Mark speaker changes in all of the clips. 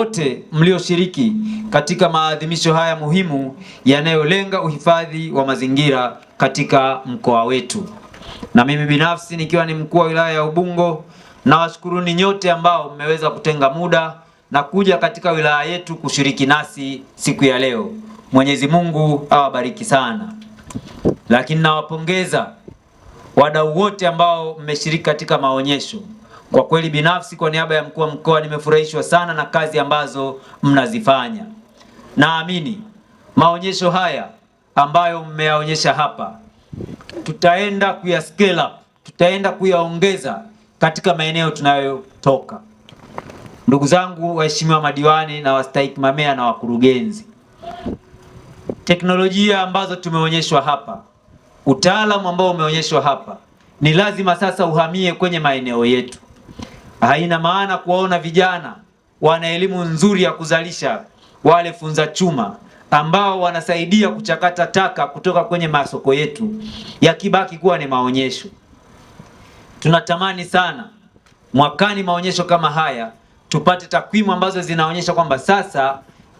Speaker 1: wote mlioshiriki katika maadhimisho haya muhimu yanayolenga uhifadhi wa mazingira katika mkoa wetu. Na mimi binafsi nikiwa ni mkuu wa wilaya ya Ubungo, nawashukuruni nyote ambao mmeweza kutenga muda na kuja katika wilaya yetu kushiriki nasi siku ya leo. Mwenyezi Mungu awabariki sana. Lakini nawapongeza wadau wote ambao mmeshiriki katika maonyesho. Kwa kweli binafsi, kwa niaba ya mkuu wa mkoa, nimefurahishwa sana na kazi ambazo mnazifanya. Naamini maonyesho haya ambayo mmeyaonyesha hapa tutaenda kuya scale up, tutaenda kuyaongeza katika maeneo tunayotoka. Ndugu zangu waheshimiwa madiwani na wastahiki mamea na wakurugenzi, teknolojia ambazo tumeonyeshwa hapa, utaalamu ambao umeonyeshwa hapa, ni lazima sasa uhamie kwenye maeneo yetu. Haina maana kuwaona vijana wana elimu nzuri ya kuzalisha wale funza chuma ambao wanasaidia kuchakata taka kutoka kwenye masoko yetu yakibaki kuwa ni maonyesho. Tunatamani sana mwakani maonyesho kama haya tupate takwimu ambazo zinaonyesha kwamba sasa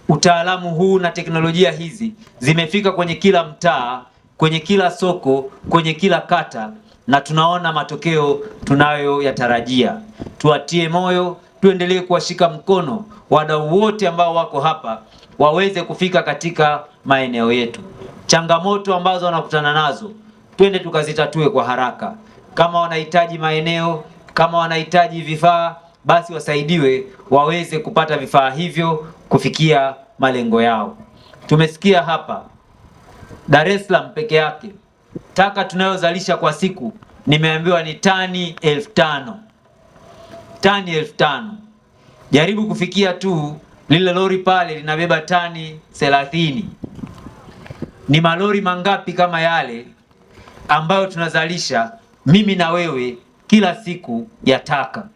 Speaker 1: utaalamu huu na teknolojia hizi zimefika kwenye kila mtaa, kwenye kila soko, kwenye kila kata na tunaona matokeo tunayoyatarajia tuwatie moyo, tuendelee kuwashika mkono wadau wote ambao wako hapa waweze kufika katika maeneo yetu. Changamoto ambazo wanakutana nazo twende tukazitatue kwa haraka. Kama wanahitaji maeneo, kama wanahitaji vifaa, basi wasaidiwe waweze kupata vifaa hivyo kufikia malengo yao. Tumesikia hapa Dar es Salaam peke yake taka tunayozalisha kwa siku nimeambiwa ni tani elfu tano tani elfu tano. Jaribu kufikia tu, lile lori pale linabeba tani thelathini. Ni malori mangapi kama yale ambayo tunazalisha mimi na wewe kila siku ya taka,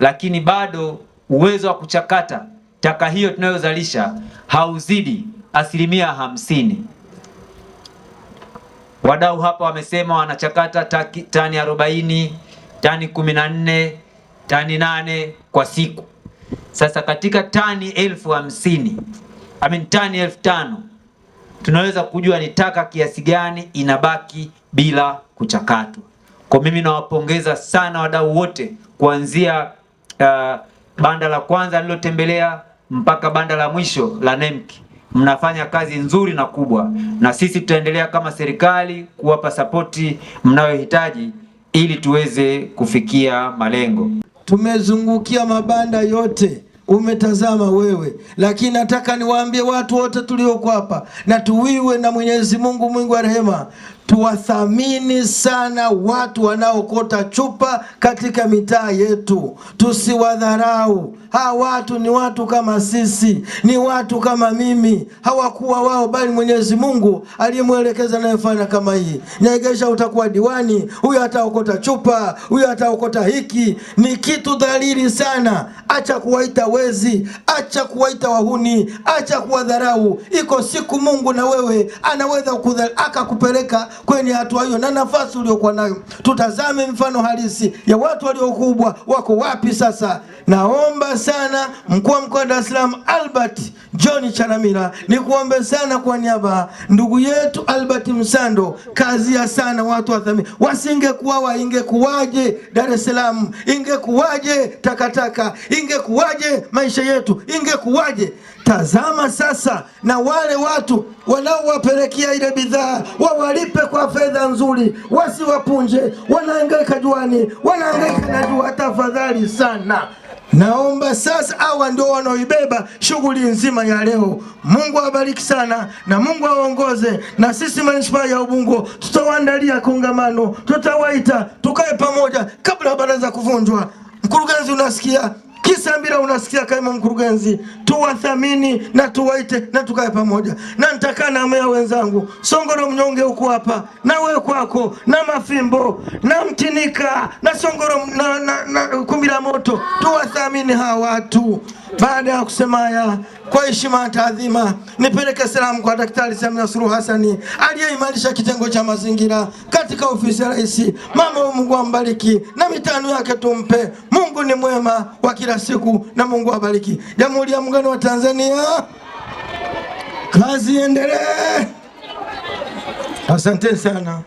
Speaker 1: lakini bado uwezo wa kuchakata taka hiyo tunayozalisha hauzidi asilimia hamsini. Wadau hapa wamesema wanachakata tani arobaini, tani kumi na nne tani nane kwa siku. Sasa katika tani elfu hamsini I mean, tani elfu tano tunaweza kujua ni taka kiasi gani inabaki bila kuchakatwa. Kwa mimi nawapongeza sana wadau wote kuanzia uh, banda la kwanza nililotembelea mpaka banda la mwisho la NEMC. Mnafanya kazi nzuri na kubwa, na sisi tutaendelea kama serikali kuwapa sapoti mnayohitaji ili tuweze kufikia malengo
Speaker 2: tumezungukia mabanda yote, umetazama wewe. Lakini nataka niwaambie watu wote tuliokuwa hapa, na tuwiwe na Mwenyezi Mungu mwingi wa rehema, Tuwathamini sana watu wanaokota chupa katika mitaa yetu, tusiwadharau. Hawa watu ni watu kama sisi, ni watu kama mimi. Hawakuwa wao, bali Mwenyezi Mungu aliyemwelekeza nayefanya kama hii. Nyegesha utakuwa diwani, huyo ataokota chupa, huyo ataokota hiki. Ni kitu dhalili sana. Acha kuwaita wezi, acha kuwaita wahuni, acha kuwadharau. Iko siku Mungu na wewe anaweza akakupeleka kwenye hatua hiyo na nafasi uliokuwa nayo. Tutazame mfano halisi ya watu waliokubwa wako wapi sasa. Naomba sana mkuu wa mkoa wa Dar es Salaam Albert John Chalamila, nikuombe sana kwa niaba ndugu yetu Albert Msando, kazia sana watu wathamini. Wasingekuwawa ingekuwaje Dar es Salaam? Ingekuwaje takataka? Ingekuwaje maisha yetu? Ingekuwaje? Tazama sasa na wale watu wanaowapelekea ile bidhaa wawalipe kwa fedha nzuri, wasiwapunje. Wanahangaika juani, wanahangaika na jua. Tafadhali sana, naomba sasa, hawa ndio wanaoibeba shughuli nzima ya leo. Mungu awabariki sana na Mungu awaongoze. Na sisi manispaa ya Ubungo tutawaandalia kongamano, tutawaita tukae pamoja kabla baraza kuvunjwa. Mkurugenzi, unasikia? Kisambira unasikia kaimu mkurugenzi, tuwathamini na tuwaite na tukae pamoja, na nitakaa na meya wenzangu Songoro mnyonge huko hapa na wewe kwako na Mafimbo na Mtinika na Songoro na, na, na Kumbi la Moto, tuwathamini hawa watu. Baada ya kusema haya, kwa heshima na taadhima, nipeleke salamu kwa Daktari Samia Suluhu Hassan aliyeimarisha kitengo cha mazingira katika ofisi ya Rais. Mama, Mungu ambariki na ndani yake tumpe. Mungu ni mwema wa kila siku, na Mungu awabariki. Jamhuri ya Muungano wa Tanzania, kazi endelee. Asante sana.